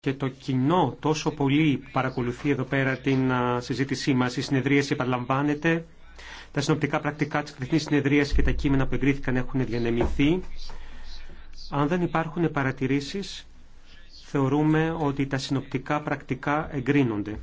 και το κοινό τόσο πολύ παρακολουθεί εδώ πέρα την συζήτησή μας. Η συνεδρίαση επαναλαμβάνεται. Τα συνοπτικά πρακτικά της συνεδρίες συνεδρίας και τα κείμενα που εγκρίθηκαν έχουν διανεμηθεί. Αν δεν υπάρχουν παρατηρήσεις, θεωρούμε ότι τα συνοπτικά πρακτικά εγκρίνονται.